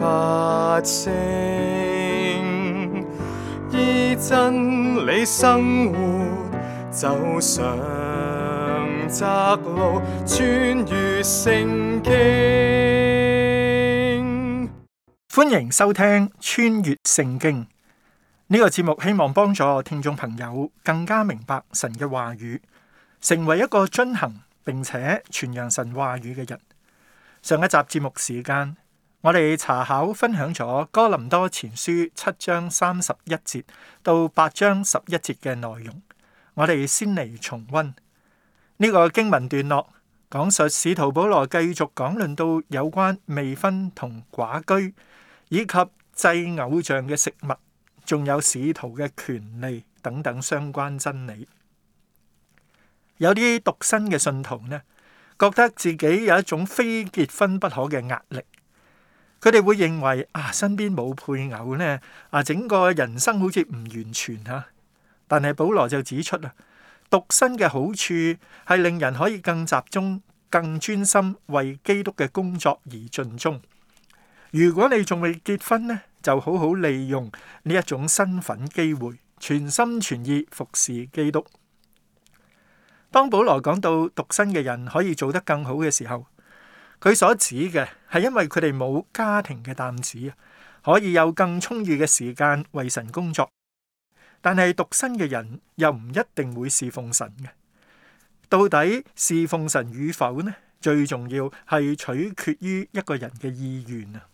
發聲依真理生活，走上窄路，穿越聖經，歡迎收聽《穿越聖經》呢個節目，希望幫助聽眾朋友更加明白神嘅話語，成為一個遵行並且傳揚神話語嘅人。上一集節目時間。我哋查考分享咗哥林多前書七章三十一節到八章十一節嘅內容，我哋先嚟重溫呢、這個經文段落，講述使徒保羅繼續講論到有關未婚同寡居，以及祭偶像嘅食物，仲有使徒嘅權利等等相關真理。有啲獨身嘅信徒呢，覺得自己有一種非結婚不可嘅壓力。佢哋會認為啊，身邊冇配偶呢，啊，整個人生好似唔完全嚇、啊。但係保羅就指出啦，獨身嘅好處係令人可以更集中、更專心為基督嘅工作而盡忠。如果你仲未結婚呢，就好好利用呢一種身份機會，全心全意服侍基督。當保羅講到獨身嘅人可以做得更好嘅時候，佢所指嘅，係因為佢哋冇家庭嘅擔子啊，可以有更充裕嘅時間為神工作。但係獨身嘅人又唔一定會侍奉神嘅。到底侍奉神與否呢？最重要係取決於一個人嘅意願啊。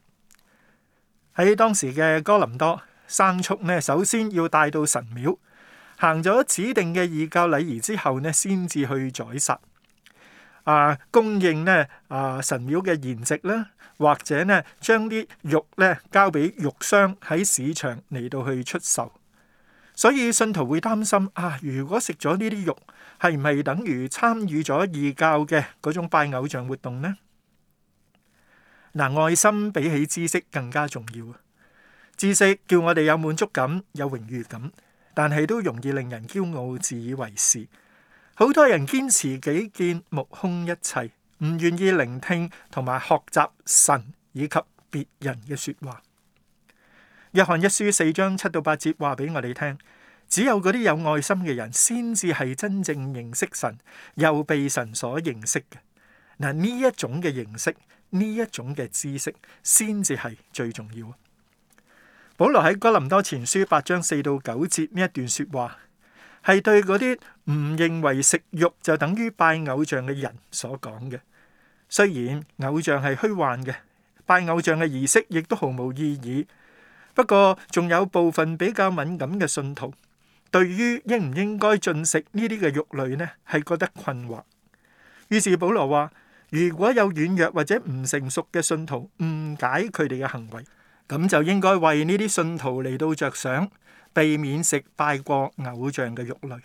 喺當時嘅哥林多，牲畜呢，首先要帶到神廟，行咗指定嘅異教禮儀之後呢，先至去宰殺。啊，供應咧啊神廟嘅筵席啦，或者咧將啲肉咧交俾肉商喺市場嚟到去出售，所以信徒會擔心啊，如果食咗呢啲肉，係唔係等於參與咗異教嘅嗰種拜偶像活動呢？嗱、呃，愛心比起知識更加重要啊！知識叫我哋有滿足感、有榮譽感，但係都容易令人驕傲、自以為是。好多人堅持己見，目空一切，唔願意聆聽同埋學習神以及別人嘅說話。約翰一書四章七到八節話俾我哋聽：只有嗰啲有愛心嘅人，先至係真正認識神，又被神所認識嘅。嗱，呢一種嘅認識，呢一種嘅知識，先至係最重要。保羅喺哥林多前書八章四到九節呢一段說話。係對嗰啲唔認為食肉就等於拜偶像嘅人所講嘅。雖然偶像係虛幻嘅，拜偶像嘅儀式亦都毫無意義。不過，仲有部分比較敏感嘅信徒，對於應唔應該進食呢啲嘅肉類呢，係覺得困惑。於是保羅話：如果有軟弱或者唔成熟嘅信徒誤解佢哋嘅行為，咁就應該為呢啲信徒嚟到著想。避免食拜過偶像嘅肉類，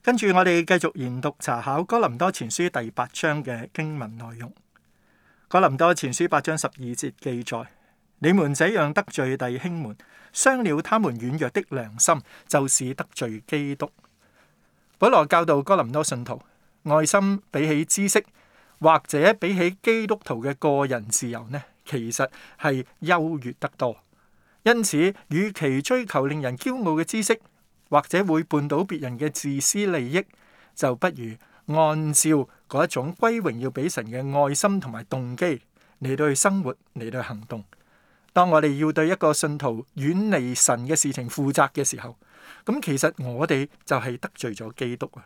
跟住我哋繼續研讀查考哥林多前書第八章嘅經文內容。哥林多前書八章十二節記載：你們這樣得罪弟兄們，傷了他們軟弱的良心，就是得罪基督。保羅教導哥林多信徒，愛心比起知識，或者比起基督徒嘅個人自由呢，其實係優越得多。因此，與其追求令人驕傲嘅知識，或者會絆倒別人嘅自私利益，就不如按照嗰一種歸榮要俾神嘅愛心同埋動機嚟到去生活嚟到行動。當我哋要對一個信徒遠離神嘅事情負責嘅時候，咁其實我哋就係得罪咗基督啊。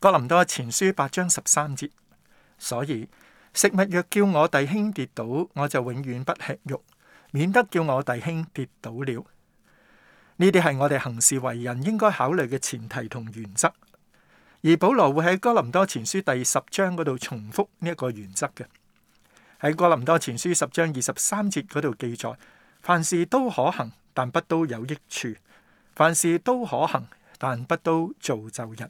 哥林多前書八章十三節，所以食物若叫我弟兄跌倒，我就永遠不吃肉。免得叫我弟兄跌倒了，呢啲係我哋行事為人應該考慮嘅前提同原則。而保羅會喺哥林多前書第十章嗰度重複呢一個原則嘅，喺哥林多前書十章二十三節嗰度記載：凡事都可行，但不都有益處；凡事都可行，但不都造就人。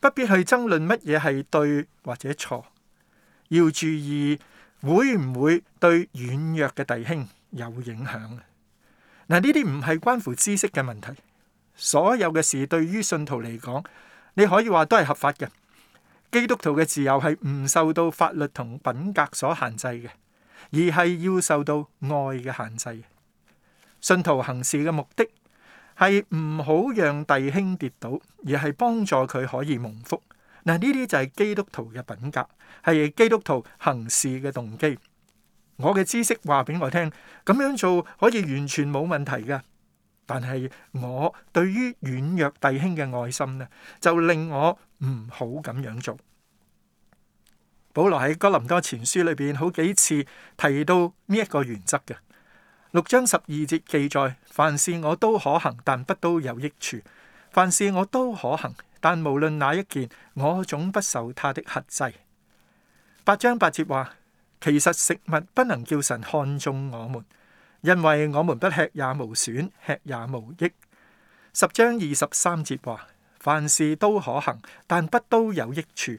不必去爭論乜嘢係對或者錯，要注意。會唔會對軟弱嘅弟兄有影響？嗱，呢啲唔係關乎知識嘅問題。所有嘅事對於信徒嚟講，你可以話都係合法嘅。基督徒嘅自由係唔受到法律同品格所限制嘅，而係要受到愛嘅限制。信徒行事嘅目的係唔好讓弟兄跌倒，而係幫助佢可以蒙福。嗱，呢啲就係基督徒嘅品格，係基督徒行事嘅動機。我嘅知識話俾我聽，咁樣做可以完全冇問題㗎。但係我對於軟弱弟兄嘅愛心呢，就令我唔好咁樣做。保羅喺哥林多前書裏邊好幾次提到呢一個原則㗎，六章十二節記載：凡事我都可行，但不都有益處。凡事我都可行。但無論哪一件，我總不受他的轄制。八章八節話，其實食物不能叫神看中我們，因為我們不吃也無損，吃也無益。十章二十三節話，凡事都可行，但不都有益處；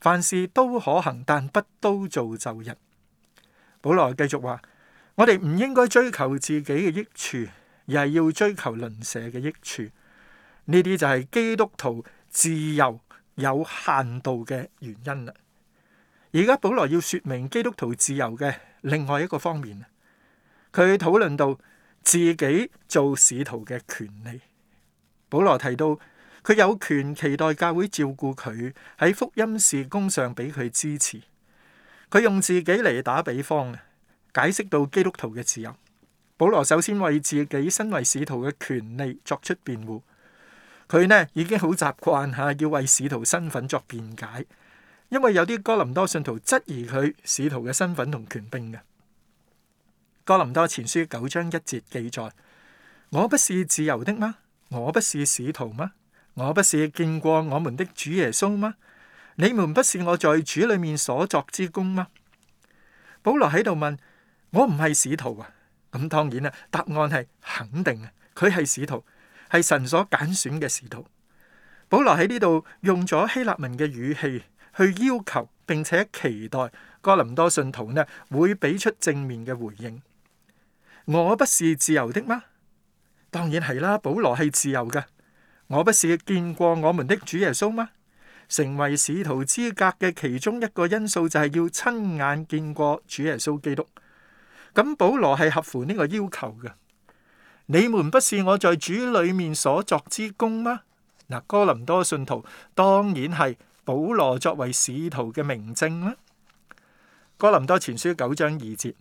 凡事都可行，但不都造就人。保羅繼續話，我哋唔應該追求自己嘅益處，而係要追求鄰舍嘅益處。呢啲就係基督徒。自由有限度嘅原因啦。而家保羅要說明基督徒自由嘅另外一個方面，佢討論到自己做使徒嘅權利。保羅提到佢有權期待教會照顧佢喺福音事工上俾佢支持。佢用自己嚟打比方，解釋到基督徒嘅自由。保羅首先為自己身為使徒嘅權利作出辯護。佢呢已經好習慣吓，要為使徒身份作辯解，因為有啲哥林多信徒質疑佢使徒嘅身份同權柄嘅。哥林多前書九章一節記載：我不是自由的嗎？我不是使徒嗎？我不是見過我們的主耶穌嗎？你們不是我在主裏面所作之功嗎？保羅喺度問：我唔係使徒啊？咁當然啦，答案係肯定嘅，佢係使徒。係神所揀選嘅使徒，保羅喺呢度用咗希臘文嘅語氣去要求，並且期待哥林多信徒呢，會俾出正面嘅回應。我不是自由的嗎？當然係啦，保羅係自由嘅。我不是見過我們的主耶穌嗎？成為使徒資格嘅其中一個因素就係要親眼見過主耶穌基督。咁保羅係合乎呢個要求嘅。你們不是我在主裏面所作之功嗎？嗱，哥林多信徒當然係保羅作為使徒嘅明證啦。哥林多前書九章二節：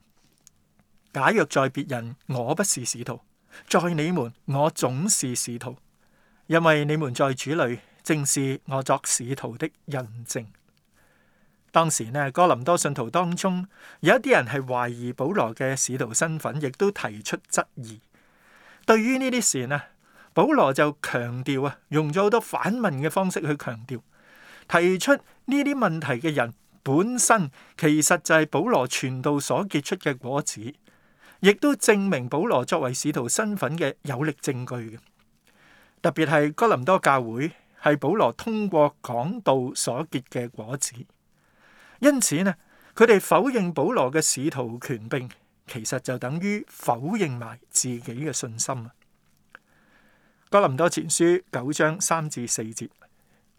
假若在別人我不是使徒，在你們我總是使徒，因為你們在主裏正是我作使徒的印證。當時呢，哥林多信徒當中有一啲人係懷疑保羅嘅使徒身份，亦都提出質疑。對於呢啲事呢，保羅就強調啊，用咗好多反問嘅方式去強調，提出呢啲問題嘅人本身其實就係保羅傳道所結出嘅果子，亦都證明保羅作為使徒身份嘅有力證據嘅。特別係哥林多教會，係保羅通過講道所結嘅果子，因此呢，佢哋否認保羅嘅使徒權柄，其實就等於否認埋自己嘅信心啊。哥林多前書九章三至四節，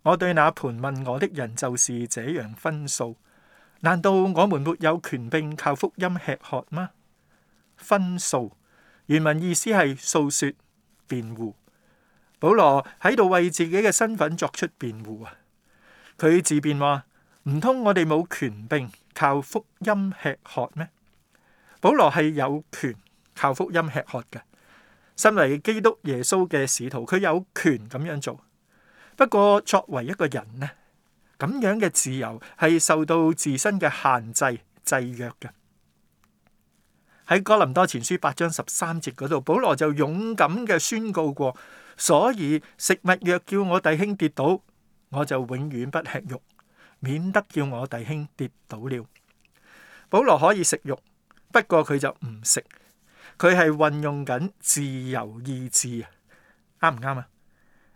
我對那盤問我的人就是這樣分數。難道我們沒有權柄靠福音吃喝嗎？分數原文意思係訴說辯護。保羅喺度為自己嘅身份作出辯護啊！佢自辯，話唔通我哋冇權柄靠福音吃喝咩？保羅係有權靠福音吃喝嘅，身為基督耶穌嘅使徒，佢有權咁樣做。不過作為一個人呢，咁樣嘅自由係受到自身嘅限制、制約嘅。喺哥林多前書八章十三節嗰度，保羅就勇敢嘅宣告過：「所以食物若叫我弟兄跌倒，我就永遠不吃肉，免得叫我弟兄跌倒了。」保羅可以食肉。不過佢就唔食，佢係運用緊自由意志啊，啱唔啱啊？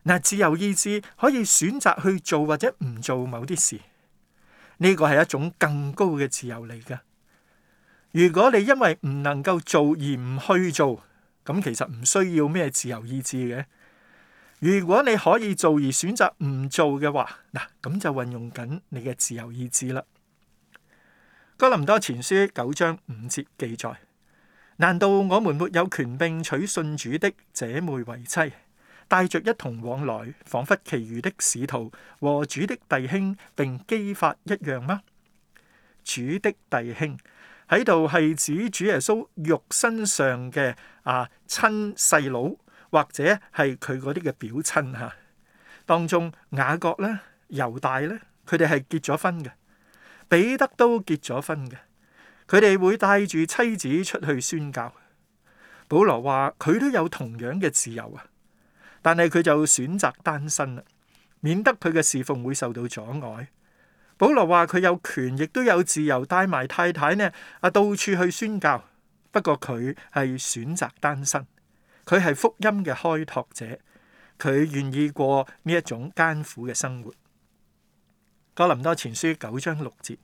嗱，自由意志可以選擇去做或者唔做某啲事，呢個係一種更高嘅自由嚟㗎。如果你因為唔能夠做而唔去做，咁其實唔需要咩自由意志嘅。如果你可以做而選擇唔做嘅話，嗱，咁就運用緊你嘅自由意志啦。哥林多前書九章五節記載：難道我們沒有權並娶信主的姐妹為妻，帶着一同往來，仿佛其餘的使徒和主的弟兄並基法一樣嗎？主的弟兄喺度係指主耶穌肉身上嘅啊、親細佬，或者係佢嗰啲嘅表親吓、啊、當中，雅各咧、猶大咧，佢哋係結咗婚嘅。彼得都結咗婚嘅，佢哋會帶住妻子出去宣教。保羅話佢都有同樣嘅自由啊，但係佢就選擇單身啦，免得佢嘅侍奉會受到阻礙。保羅話佢有權，亦都有自由帶埋太太呢，啊到處去宣教。不過佢係選擇單身，佢係福音嘅開拓者，佢願意過呢一種艱苦嘅生活。哥林多前書九章六節，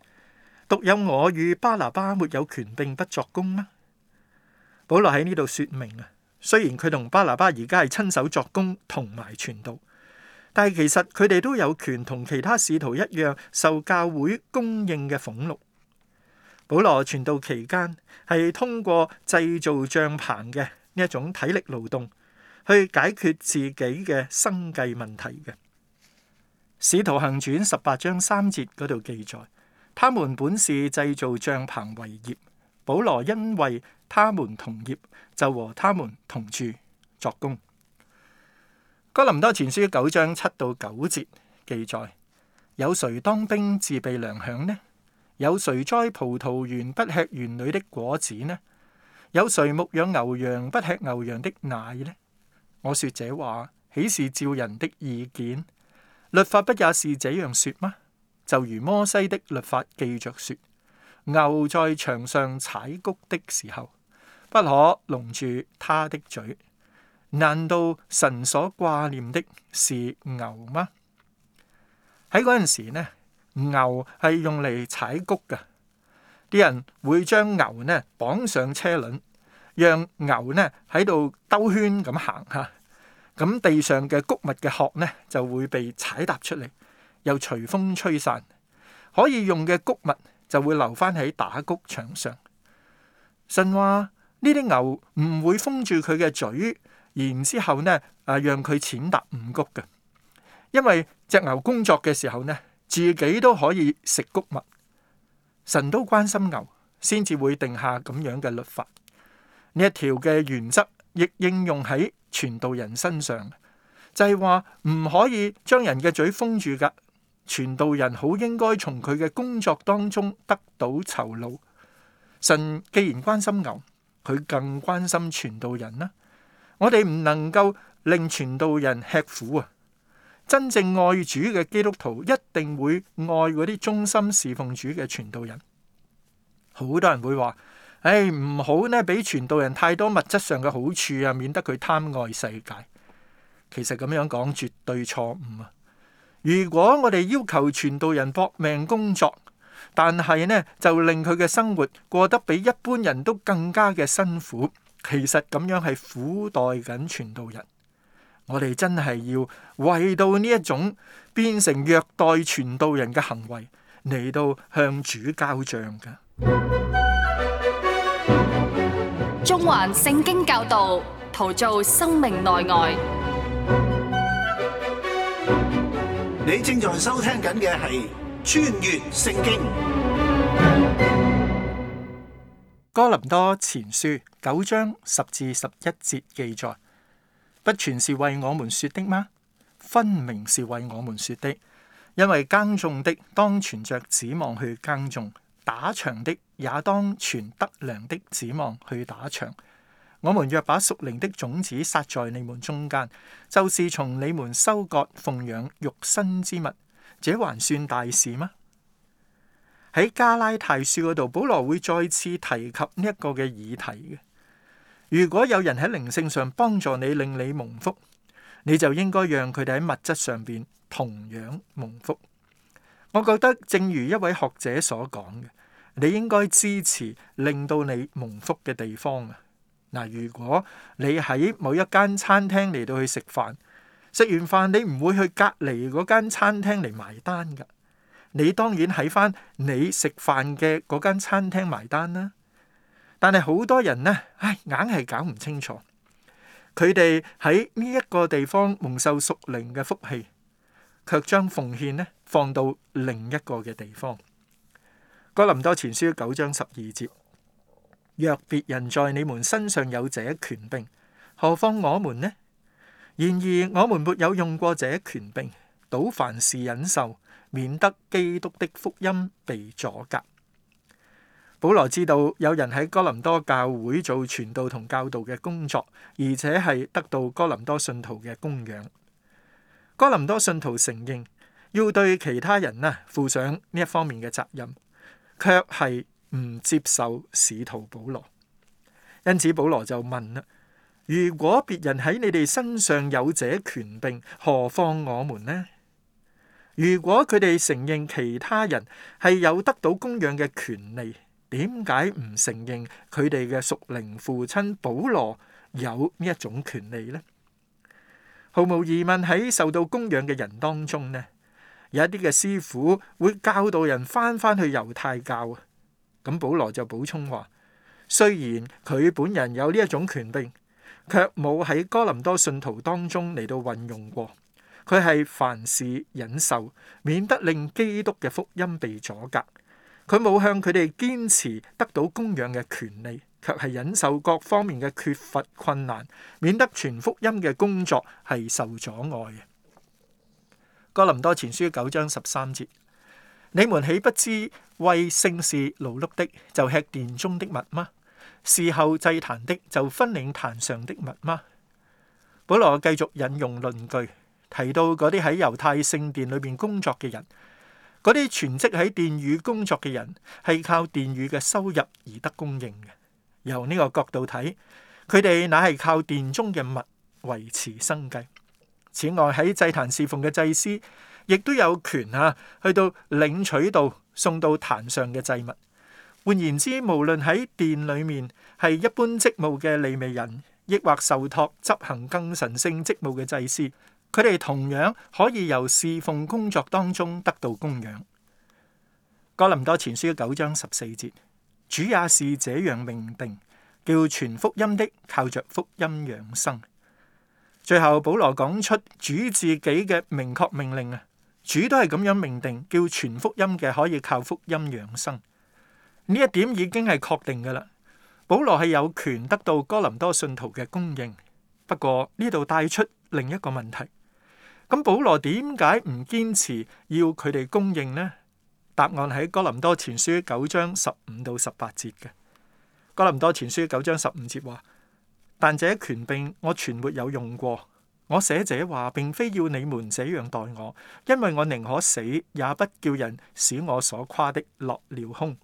獨有我與巴拿巴沒有權，並不作工嗎？保羅喺呢度說明啊，雖然佢同巴拿巴而家係親手作工同埋傳道，但係其實佢哋都有權同其他使徒一樣，受教會供應嘅俸祿。保羅傳道期間係通過製造帳棚嘅呢一種體力勞動，去解決自己嘅生計問題嘅。使徒行傳十八章三節嗰度記載，他們本是製造帳棚為業。保羅因為他們同業，就和他們同住作工。哥林多前書九章七到九節記載：有誰當兵自備糧餉呢？有誰栽葡萄園不吃園裏的果子呢？有誰牧養牛羊不吃牛羊的奶呢？我說這話，豈是照人的意見？律法不也是這樣說嗎？就如摩西的律法記著說：牛在場上踩谷的時候，不可籠住他的嘴。難道神所掛念的是牛嗎？喺嗰陣時呢，牛係用嚟踩谷嘅，啲人會將牛呢綁上車輪，讓牛呢喺度兜圈咁行吓。咁地上嘅谷物嘅殼呢，就會被踩踏出嚟，又隨風吹散。可以用嘅谷物就會留翻喺打谷場上。神話呢啲牛唔會封住佢嘅嘴，然之後呢，誒讓佢踐踏踏五谷嘅，因為隻牛工作嘅時候呢，自己都可以食谷物。神都關心牛，先至會定下咁樣嘅律法。呢一條嘅原則。亦應用喺傳道人身上，就係話唔可以將人嘅嘴封住㗎。傳道人好應該從佢嘅工作當中得到酬勞。神既然關心牛，佢更關心傳道人啦。我哋唔能夠令傳道人吃苦啊！真正愛主嘅基督徒一定會愛嗰啲忠心侍奉主嘅傳道人。好多人會話。唉，唔好呢，俾傳道人太多物質上嘅好處啊，免得佢貪愛世界。其實咁樣講絕對錯誤啊！如果我哋要求傳道人搏命工作，但係呢，就令佢嘅生活過得比一般人都更加嘅辛苦，其實咁樣係苦待緊傳道人。我哋真係要為到呢一種變成虐待傳道人嘅行為嚟到向主交賬噶。中環聖經教導，陶造生命內外。你正在收聽緊嘅係《穿越聖經》。哥林多前書九章十至十一節記載，不全是為我們說的嗎？分明是為我們說的，因為耕種的當存着指望去耕種。打場的也當存得糧的指望去打場。我們若把屬靈的種子撒在你們中間，就是從你們收割奉養肉身之物，這還算大事嗎？喺加拉太書嗰度，保羅會再次提及呢一個嘅議題嘅。如果有人喺靈性上幫助你，令你蒙福，你就應該讓佢哋喺物質上邊同樣蒙福。我覺得，正如一位學者所講嘅，你應該支持令到你蒙福嘅地方啊！嗱，如果你喺某一間餐廳嚟到去食飯，食完飯你唔會去隔離嗰間餐廳嚟埋單㗎，你當然喺返你食飯嘅嗰間餐廳埋單啦。但係好多人呢，唉，硬係搞唔清楚，佢哋喺呢一個地方蒙受屬靈嘅福氣。卻將奉獻咧放到另一個嘅地方。哥林多前書九章十二節：若別人在你們身上有這一權柄，何況我們呢？然而我們沒有用過這一權柄，倒凡事忍受，免得基督的福音被阻隔。保羅知道有人喺哥林多教會做傳道同教導嘅工作，而且係得到哥林多信徒嘅供養。哥林多信徒承認要對其他人啊負上呢一方面嘅責任，卻係唔接受使徒保羅。因此保羅就問啦：如果別人喺你哋身上有這權柄，何況我們呢？如果佢哋承認其他人係有得到供養嘅權利，點解唔承認佢哋嘅屬靈父親保羅有呢一種權利呢？毫無疑問，喺受到供養嘅人當中呢，有一啲嘅師傅會教導人返返去猶太教啊。咁保羅就補充話：雖然佢本人有呢一種權柄，卻冇喺哥林多信徒當中嚟到運用過。佢係凡事忍受，免得令基督嘅福音被阻隔。佢冇向佢哋堅持得到供養嘅權利。卻係忍受各方面嘅缺乏困難，免得全福音嘅工作係受阻礙嘅。哥林多前書九章十三節：你們豈不知為聖事勞碌的就吃殿中的物嗎？伺候祭壇的就分領壇上的物嗎？保羅繼續引用論據，提到嗰啲喺猶太聖殿裏面工作嘅人，嗰啲全職喺殿宇工作嘅人係靠殿宇嘅收入而得供應嘅。由呢個角度睇，佢哋乃係靠殿中嘅物維持生計。此外，喺祭壇侍奉嘅祭司，亦都有權啊，去到領取到送到壇上嘅祭物。換言之，無論喺殿裏面係一般職務嘅利未人，抑或受託執行更神聖職務嘅祭司，佢哋同樣可以由侍奉工作當中得到供養。哥林多前書九章十四節。主也是這樣命定，叫傳福音的靠着福音養生。最後保羅講出主自己嘅明確命令啊，主都係咁樣命定，叫傳福音嘅可以靠福音養生。呢一點已經係確定噶啦。保羅係有權得到哥林多信徒嘅供應，不過呢度帶出另一個問題。咁保羅點解唔堅持要佢哋供應呢？答案喺哥林多前書九章十五到十八節嘅。哥林多前書九章十五節話：但這權柄我全沒有用過。我寫者話，並非要你們這樣待我，因為我寧可死，也不叫人使我所誇的落了空。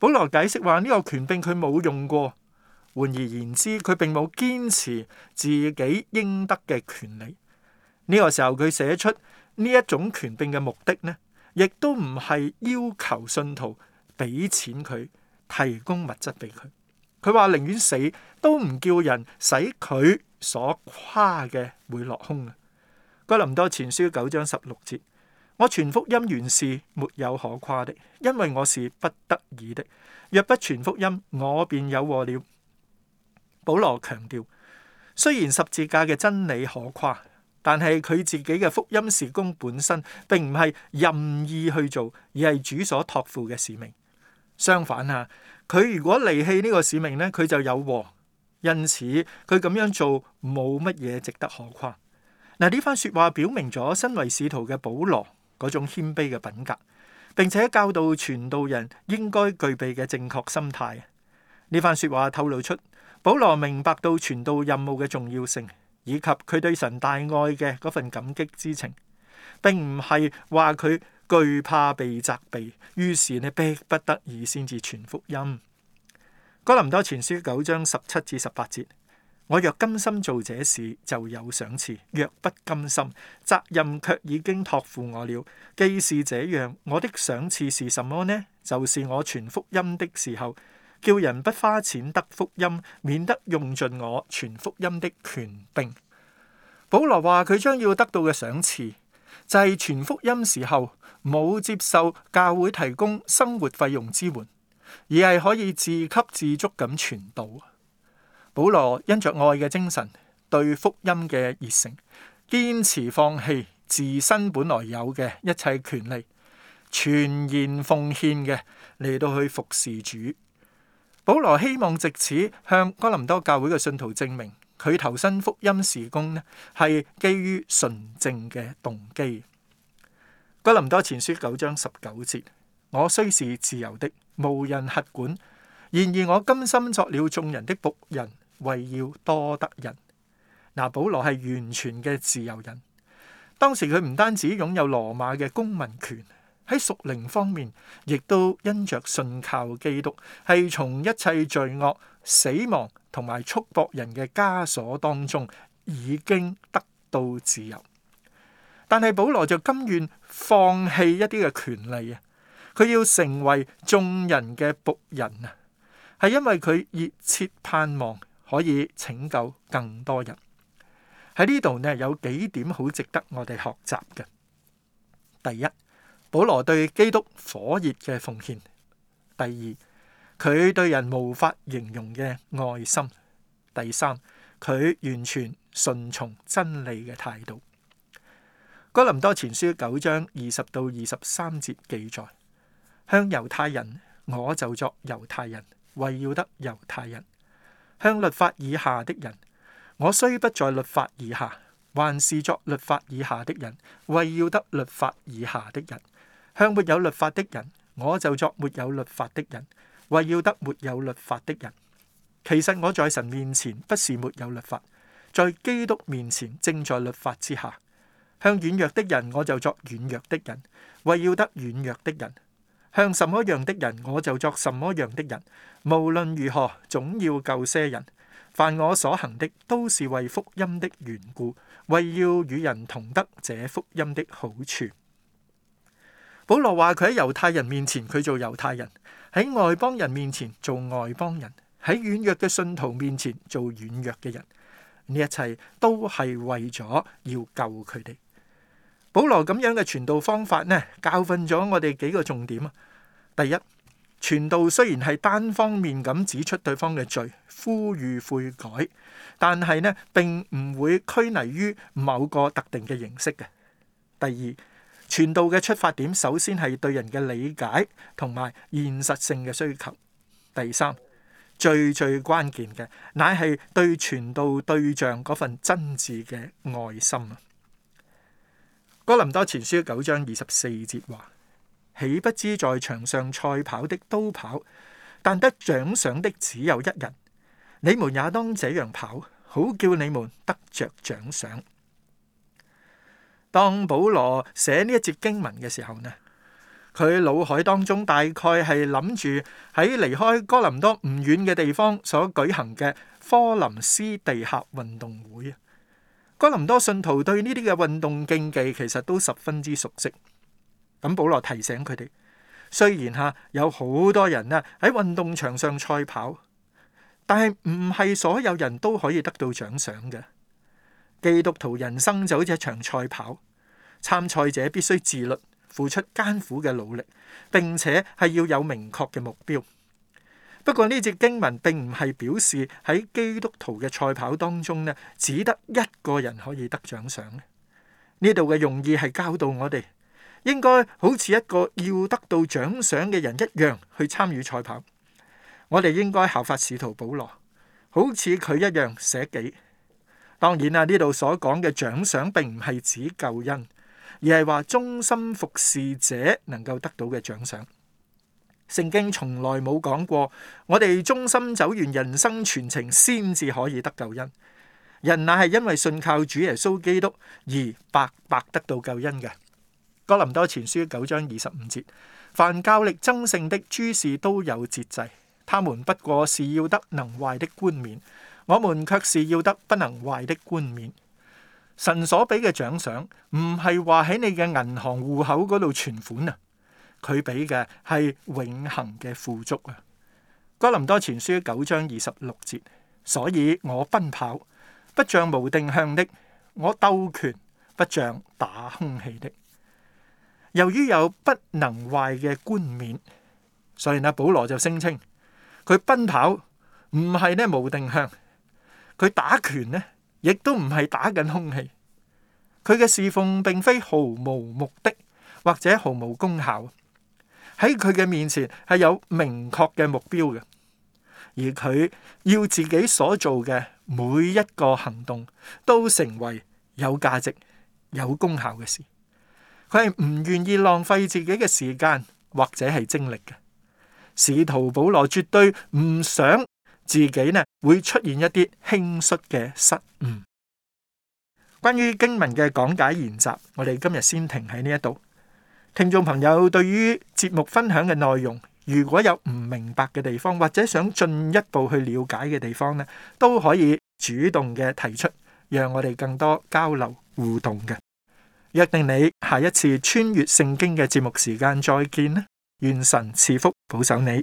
保羅解釋話呢、這個權柄佢冇用過，換而言之，佢並冇堅持自己應得嘅權利。呢、這個時候佢寫出呢一種權柄嘅目的呢？亦都唔係要求信徒俾錢佢，提供物質俾佢。佢話寧願死都唔叫人使佢所誇嘅會落空啊！哥林多前書九章十六節，我傳福音原是沒有可誇的，因為我是不得已的。若不傳福音，我便有禍了。保羅強調，雖然十字架嘅真理可誇。但係佢自己嘅福音事工本身，並唔係任意去做，而係主所託付嘅使命。相反啊，佢如果離棄呢個使命呢，佢就有禍。因此，佢咁樣做冇乜嘢值得可誇。嗱，呢番說話表明咗身為使徒嘅保羅嗰種謙卑嘅品格，並且教導傳道人應該具備嘅正確心態。呢番說話透露出保羅明白到傳道任務嘅重要性。以及佢對神大愛嘅嗰份感激之情，並唔係話佢懼怕被責備，於是呢迫不得已先至傳福音。哥林多前書九章十七至十八節：我若甘心做這事，就有賞賜；若不甘心，責任卻已經托付我了。既是這樣，我的賞賜是什麼呢？就是我傳福音的時候。叫人不花錢得福音，免得用盡我傳福音的權柄。保羅話佢將要得到嘅賞賜就係傳福音時候冇接受教會提供生活費用支援，而係可以自給自足咁傳道。保羅因着愛嘅精神對福音嘅熱誠，堅持放棄自身本來有嘅一切權利，全然奉獻嘅嚟到去服侍主。保羅希望借此向哥林多教會嘅信徒證明，佢投身福音事工呢係基於純正嘅動機。哥林多前書九章十九節：我雖是自由的，無人轄管；然而我甘心作了眾人的僕人，為要多得人。嗱，保羅係完全嘅自由人，當時佢唔單止擁有羅馬嘅公民權。喺屬靈方面，亦都因着信靠基督，係從一切罪惡、死亡同埋束縛人嘅枷鎖當中已經得到自由。但係保羅就甘願放棄一啲嘅權利啊，佢要成為眾人嘅僕人啊，係因為佢熱切盼望可以拯救更多人。喺呢度呢，有幾點好值得我哋學習嘅。第一。保羅對基督火熱嘅奉獻，第二，佢對人無法形容嘅愛心，第三，佢完全順從真理嘅態度。哥林多前書九章二十到二十三節記載：向猶太人，我就作猶太人，為要得猶太人；向律法以下的人，我雖不在律法以下，還是作律法以下的人，為要得律法以下的人。向沒有律法的人，我就作沒有律法的人，為要得沒有律法的人。其實我在神面前不是沒有律法，在基督面前正在律法之下。向軟弱的人，我就作軟弱的人，為要得軟弱的人。向什麼樣的人，我就作什麼樣的人。無論如何，總要救些人。凡我所行的，都是為福音的緣故，為要與人同得這福音的好處。保羅話佢喺猶太人面前佢做猶太人，喺外邦人面前做外邦人，喺軟弱嘅信徒面前做軟弱嘅人。呢一切都係為咗要救佢哋。保羅咁樣嘅傳道方法呢，教訓咗我哋幾個重點啊。第一，傳道雖然係單方面咁指出對方嘅罪，呼籲悔改，但係呢並唔會拘泥於某個特定嘅形式嘅。第二。傳道嘅出發點，首先係對人嘅理解同埋現實性嘅需求。第三，最最關鍵嘅，乃係對傳道對象嗰份真摯嘅愛心啊！哥林多前書九章二十四節話：「豈不知在場上賽跑的都跑，但得獎賞的只有一人。你們也當這樣跑，好叫你們得着獎賞。」當保羅寫呢一節經文嘅時候呢，佢腦海當中大概係諗住喺離開哥林多唔遠嘅地方所舉行嘅科林斯地客運動會啊。哥林多信徒對呢啲嘅運動競技其實都十分之熟悉。咁保羅提醒佢哋，雖然下有好多人啊喺運動場上賽跑，但係唔係所有人都可以得到獎賞嘅。基督徒人生就好似一場賽跑，參賽者必須自律，付出艱苦嘅努力，並且係要有明確嘅目標。不過呢節經文並唔係表示喺基督徒嘅賽跑當中呢，只得一個人可以得獎賞。呢度嘅用意係教導我哋，應該好似一個要得到獎賞嘅人一樣去參與賽跑。我哋應該效法使徒保羅，好似佢一樣捨己。當然啦，呢度所講嘅獎賞並唔係指救恩，而係話忠心服侍者能夠得到嘅獎賞。聖經從來冇講過，我哋忠心走完人生全程先至可以得救恩。人乃係因為信靠主耶穌基督而白白得到救恩嘅。哥林多前書九章二十五節：凡較力爭勝的，諸事都有節制，他們不過是要得能壞的冠冕。我們卻是要得不能壞的冠冕，神所俾嘅獎賞唔係話喺你嘅銀行戶口嗰度存款啊，佢俾嘅係永恒嘅富足啊。哥林多前書九章二十六節，所以我奔跑不像無定向的，我鬥拳不像打空氣的。由於有不能壞嘅冠冕，所以阿保羅就聲稱佢奔跑唔係呢無定向。佢打拳呢，亦都唔係打緊空氣。佢嘅侍奉並非毫無目的或者毫無功效，喺佢嘅面前係有明確嘅目標嘅，而佢要自己所做嘅每一個行動都成為有價值、有功效嘅事。佢係唔願意浪費自己嘅時間或者係精力嘅。使徒保羅絕對唔想，自己呢會出現一啲輕率嘅失誤。關於經文嘅講解研習，我哋今日先停喺呢一度。聽眾朋友，對於節目分享嘅內容，如果有唔明白嘅地方，或者想進一步去了解嘅地方呢，都可以主動嘅提出，讓我哋更多交流互動嘅。約定你下一次穿越聖經嘅節目時間再見啦！願神賜福保守你。